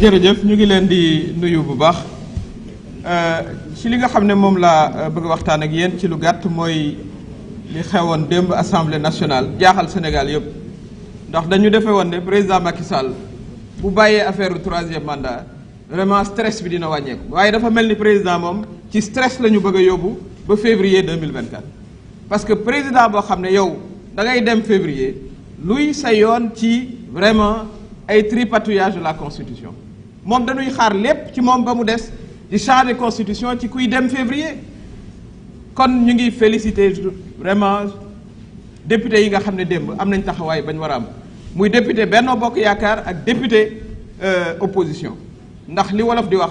jërëjëf ñu ngi leen di nuyu bu baax euh, ci li nga xam ne moom laa euh, bëgg waxtaan ak yéen ci lu gàtt mooy li xewoon démb assemblée nationale jaaxal Sénégal yëpp ndax dañu defe woon ne président Macky Sall bu bàyyee affaire u troisième mandat vraiment stress bi dina wàññeeku waaye dafa mel ni président moom ci stress la ñu bëgg a yóbbu ba février 2024 parce que président boo xam ne yow da ngay dem février luy sa yoon ci vraiment ay tripatouillage de la constitution moom dañuy xaar lépp ci moom ba mu des ci changer constitution ci kuy dem février kon ñu ngi féliciter vraiment député yi nga xam ne démb am nañ taxawaay bañ war a am muy député benn Bokk Yaakaar ak député euh, opposition ndax li wolof di wax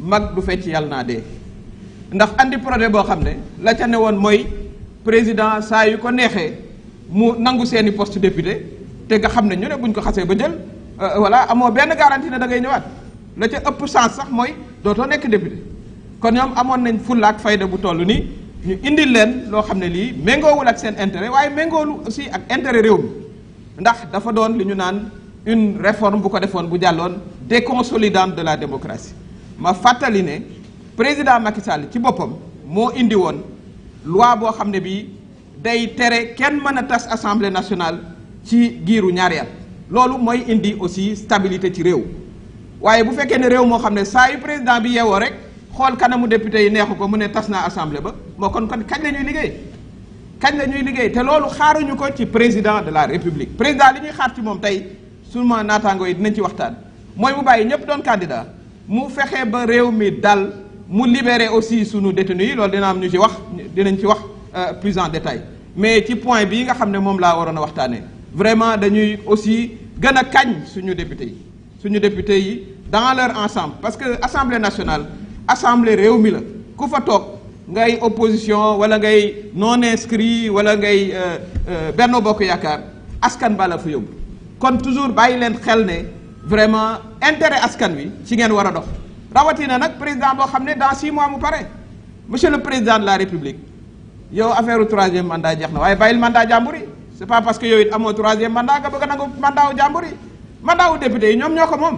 mag du fecc yàlla naa dee ndax andi projet boo xam ne la ca ne woon mooy président saa yu ko neexee mu nangu seeni post député te nga xam ne ñu ne buñ ko xasee ba jël Euh, voilà amoo benn garantie ne da ñëwaat la ca ëpp chance sax mooy dootoo nekk député kon ñoom amoon nañ fullaak fayda bu toll nii ñu indil leen loo xam ne lii méngoowul ak seen intérêt waaye méngoolu aussi ak intérêt réew mi ndax dafa doon li ñu naan une réforme bu ko defoon bu jàlloon déconsolidante de la démocratie ma fàttali ne président Macky Sall ci boppam moo indi woon loi boo xam ne bii day tere kenn mën a tas assemblée nationale ci giiru ñaari at loolu mooy indi aussi stabilité ci réew waaye bu fekkee ne réew moo xam ne saa yu président bi yeewoo rek xool kanamu député yi neexu ko mu ne tas naa assemblée ba moo kon kon kañ la ñuy liggéey kañ la ñuy liggéey te loolu xaaruñu ko ci président de la république président li ñuy xaar ci moom tey sunu naataango yi dinañ ci waxtaan mooy mu bàyyi ñëpp doon candidat mu fexe ba réew mi dal mu libérer aussi sunu détenus yi loolu dina am ñu ci wax dinañ ci wax euh, plus en mais ci point bii nga xam ne moom laa waroon a waxtaanee. vraiment dañuy aussi gën a kañ suñu député yi suñu député yi dans leur ensemble parce que assemblée nationale assemblée réew mi la ku fa toog ngay opposition wala ngay non inscrit wala ngay euh, euh, benn Bokk Yaakaar askan ba fu fa yóbbu kon toujours bàyyi leen xel ne vraiment intérêt askan wi ci ngeen war a dox rawatina nag président boo xam ne dans six mois mu pare monsieur le président de la république yow affaire troisième mandat jeex na waaye bàyyil mandat jàmbur c'est pas parce que yow it amoo troisième mandat nga bëgg a nangu mandat wu jàmbur yi mandat wu député yi ñoom ñoo ko moom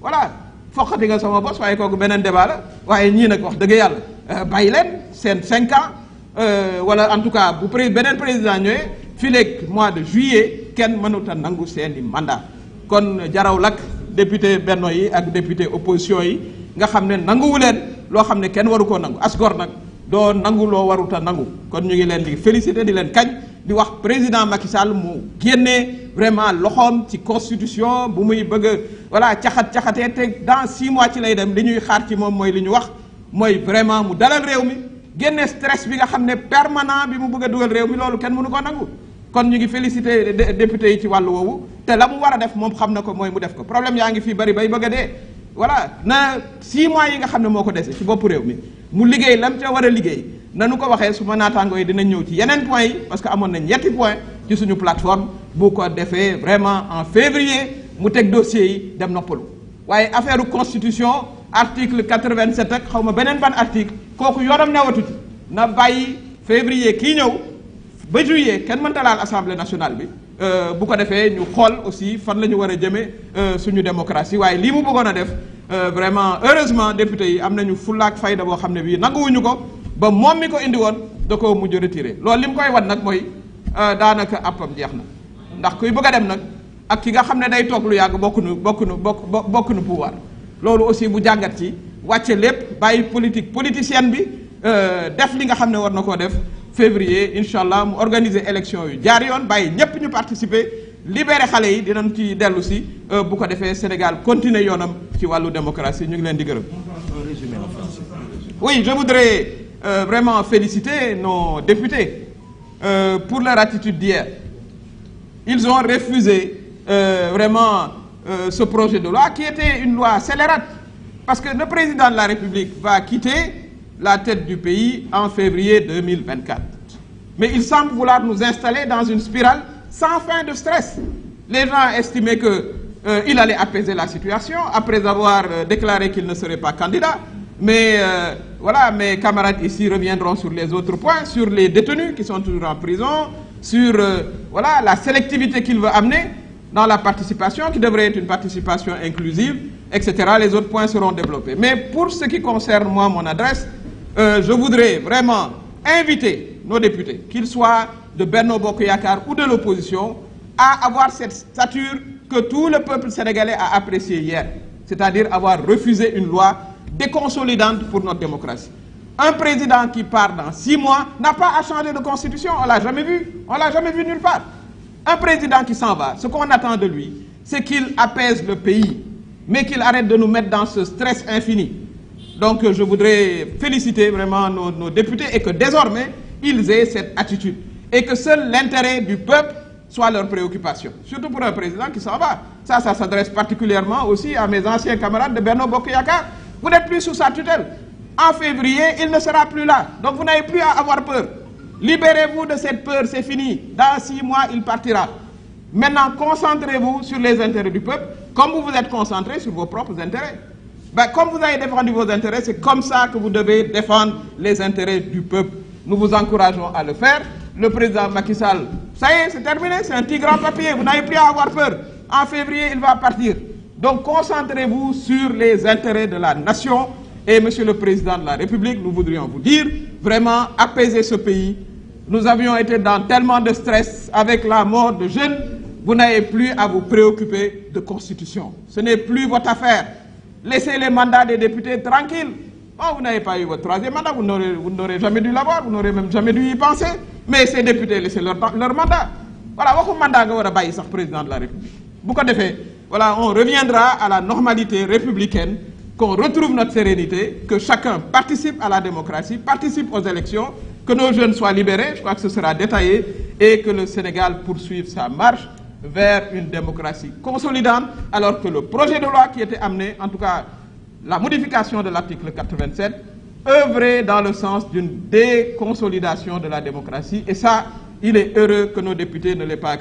voilà foqati nga sama bos waaye kooku beneen débat waaye ñiina nag wax dëgg yàlla euh, bàyyi leen seen cinq ans euh, wala en tout cas bu pré beneen président ñëwee fileeg mois de juillet kenn mënut a nangu seen i mandat kon jaraw lak député benno yi ak député opposition yi nga xam ne nanguwu leen loo xam ne kenn waru koo nangu asgor nag doo nangu loo warut a nangu kon ñu ngi leen di di leen kañ di wax président Macky Sall mu génne vraiment loxoom ci constitution bu muy bëgg a voilà caxat caxatee te dans six mois ci lay dem li ñuy xaar ci moom mooy li ñu wax mooy vraiment mu dalal réew mi génne stress bi nga xam ne permanent bi mu bëgg dugal réew mi loolu kenn mënu ko nangu. kon ñu ngi félicité député yi ci wàllu woowu te la mu war a def moom xam na ko mooy mu def ko problème yaa ngi fii bari bay bëgg a dee voilà na six mois yi nga xam ne moo ko dese ci bopp réew mi mu liggéey lam ca war a liggéey. na nu ko waxee su ma naataangoo yi dinañ ñëw ci yeneen point yi parce que amoon nañ ñetti point ci suñu plateforme bu ko defee vraiment en février mu teg dossier yi dem noppalu waaye affaire constitution article 87 ak xaw ma beneen ban article kooku yoonam newatu ci na bàyyi février kii ñëw ba juillet kenn mënta laal assemblée nationale bi euh, bu ko defee ñu xool aussi fan la ñu war a jëmee euh, suñu démocratie waaye lii mu bëggoon a def euh, vraiment heureusement député yi am nañu fullaak fayda boo xam ne bii nanguwuñu ko ba moom mi ko indi woon da koo mujj retiré loolu li mu koy wan nag mooy euh, daanaka àppam jeex na ndax kuy bëgg a dem nag ak ki nga xam ne day toog lu yàgg bokk nu bokk nu bokk bokk nu pouvoir loolu aussi bu jàngat ci wàcce lépp bàyyi politique politicienne bi euh, def li nga xam ne war na koo def février incha allah mu organiser élection yu jaar yoon bàyyi ñépp ñu participer libéré xale yi dinañ ci dellu si euh, bu ko defee Sénégal continuer yoonam ci wàllu démocratie ñu ngi leen di gërëm. euh, vraiment féliciter nos députés euh, pour leur attitude d'hier. Ils ont refusé euh, vraiment euh, ce projet de loi qui était une loi parce que le président de la République va quitter la tête du pays en février 2024. Mais il semble vouloir nous installer dans une spirale sans fin de stress. Les gens estimaient que euh, la situation après avoir euh, déclaré qu'il ne serait voilà, mes camarades ici reviendront sur les autres points, sur les détenus qui sont toujours en prison, sur euh, voilà, la sélectivité qu'il veut amener dans la participation, qui devrait être une participation inclusive, etc. Les autres points seront développés. Mais pour ce qui concerne moi, mon adresse, euh, je voudrais vraiment inviter nos députés, qu'ils soient de Berno Bokoyakar ou de l'opposition, à avoir cette stature que tout le peuple sénégalais a appréciée hier, c'est-à-dire avoir refusé une loi déconsolidante pour notre démocratie. Un président qui part dans six mois n'a pas à changer de constitution, on l'a jamais vu, on l'a jamais vu nulle part. Un président qui s'en va, ce qu'on attend de lui, c'est qu'il apaise le pays, mais qu'il arrête de nous mettre dans ce stress infini. Donc je voudrais féliciter vraiment nos, nos députés et que désormais, ils aient cette attitude et que seul l'intérêt du peuple soit leur préoccupation. Surtout pour un président qui s'en va. vous n'êtes plus sous sa tutelle. En février, il ne sera plus là. Donc vous n'avez plus à avoir peur. Libérez-vous de cette peur, c'est fini. Dans six mois, il partira. Maintenant, concentrez-vous sur les intérêts du peuple, comme vous vous êtes concentré sur vos propres intérêts. comme vous avez défendu vos intérêts, c'est comme ça que vous devez défendre les intérêts du peuple. Nous vous encourageons à le faire. Le président Macky Sall, ça y est, c'est terminé, Donc concentrez-vous sur les intérêts de la nation et Monsieur le Président de la République, nous voudrions vous dire vraiment apaiser ce pays. Nous avions été dans tellement de stress avec la mort de jeunes, vous n'avez plus à vous préoccuper de constitution. Ce n'est plus votre affaire. Laissez les mandats des députés tranquilles. Bon, vous n'avez pas eu votre troisième mandat, vous n'aurez jamais dû l'avoir, vous n'aurez même jamais dû y penser. Mais ces nga war a bàyyi sax président la République bu ko defee Voilà, on reviendra à la normalité républicaine, qu'on retrouve notre sérénité, que chacun participe à la démocratie, participe aux élections, que nos jeunes soient libérés, je crois que ce sera détaillé, Sénégal poursuive sa marche vers une démocratie consolidante, alors que le projet de loi en tout cas la modification de l'article 87, œuvrait dans le sens d'une déconsolidation de la démocratie. Et ça, il est heureux que nos députés ne l'aient pas